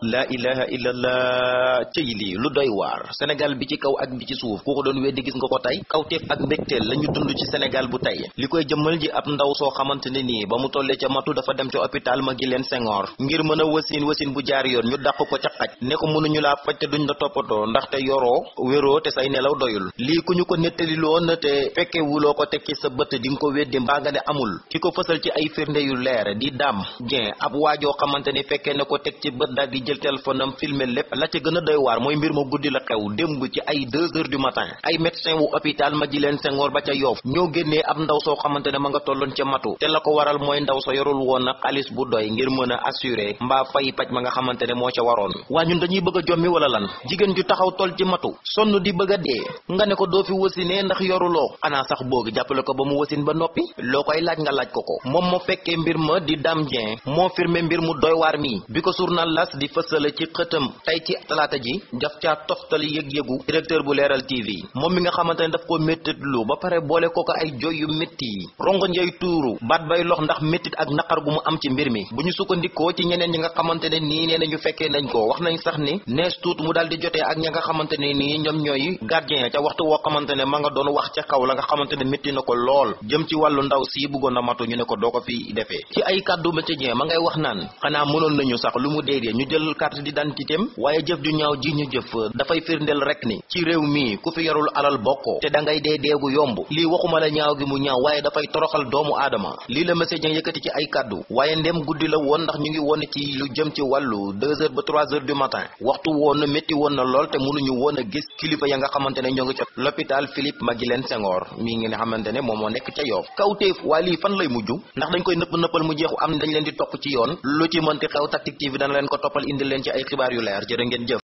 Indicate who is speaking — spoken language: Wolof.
Speaker 1: laa ilaha illallah cëy lii lu doy waar sénégal bi ci kaw ak bi ci suuf ku ko doon weddi gis nga ko tey kawteef ak mbégteel la ñu dund ci sénégal bu tey li koy jëmmal ji ab ndaw soo xamante ne nii ba mu tollee ca matu dafa dem ca hôpital Maguilène Senghor ngir mën a wasin wasin bu jaar yoon ñu dàq ko ca xaj ne ko mënuñu laa faj te duñ la toppatoo ndaxte yoroo wéroo te say nelaw doyul lii ku ñu ko nettali loon te fekkewuloo ko tekki sa bët di nga ko weddi mbaa nga ne ki ko fësal ci ay firnde yu leer di daam jeen ab waajoo jël téléphone am filmer lépp la ca gën a doy waar mooy mbir ma guddi la xew démb ci ay deux heures du matin ay médecin wu hôpital Majilène Senghor ba ca Yoff ñoo génnee ab ndaw soo xamante ma nga tolloon ca matu te la ko waral mooy ndaw sa yorul woon na xaalis bu doy ngir mën a assurer mbaa fay paj ma nga xamante ne moo ca waroon waa ñun dañuy bëgg a jommi wala lan jigéen ju taxaw tol ci matu sonn di bëgg a dee nga ne ko doo fi wasinee ndax yoruloo xanaa sax boogi jàppale ko ba mu ba noppi loo koy laaj nga laaj ko ko moom moo fekkee ma di dam jeen moo firme mbir mu doy waar fësale ci xëtam tey ci talaata ji daf caa toftal yëg-yëgu directeur bu leeral tv moom mi nga xamante ne daf ko méttitlu ba pare boole ko ko ay joy yu métti yi rongo njay tuuru baat bay lox ndax méttit ak naqar gu mu am ci mbir mi bu ñu sukkandikoo ci ñeneen ñi nga xamante ne nii nee ñu fekkee nañ ko wax nañ sax ni nees tuut mu daal di jotee ak ña nga xamante ne nii ñoom ñooy gardien ca waxtu woo xamante ne ma nga doon wax ca kaw la nga xamante ne métti na ko lool jëm wàllu ndaw si bëggoon na matu ñu ne ko doo ko fi ay kàddu métier ma wax naan jëlul carte d'identité am waaye jëf ju ñaaw ji ñu jëf dafay firndeel rek ni ci réew mi ku fi yorul alal bokkoo te da ngay dee deegu yomb lii waxuma la ñaaw gi mu ñaaw waaye dafay toroxal doomu aadama lii la monsieur Dieng yëkkati ci ay kàddu waaye ndem guddi la woon ndax ñu ngi woon ci lu jëm ci wàllu deux heures ba trois heures du matin waxtu woon na métti woon na lool te mënuñu woon a gis kilifa ya nga xamante ne ñoo ngi ca l'hôpital Philippe Maguilène Senghor mii ngi ne xamante ne moom moo nekk ca Yoff kawteef waa lii fan lay mujj ndax dañ indi leen ci ay xibaar yu leer jërë ngeen jëf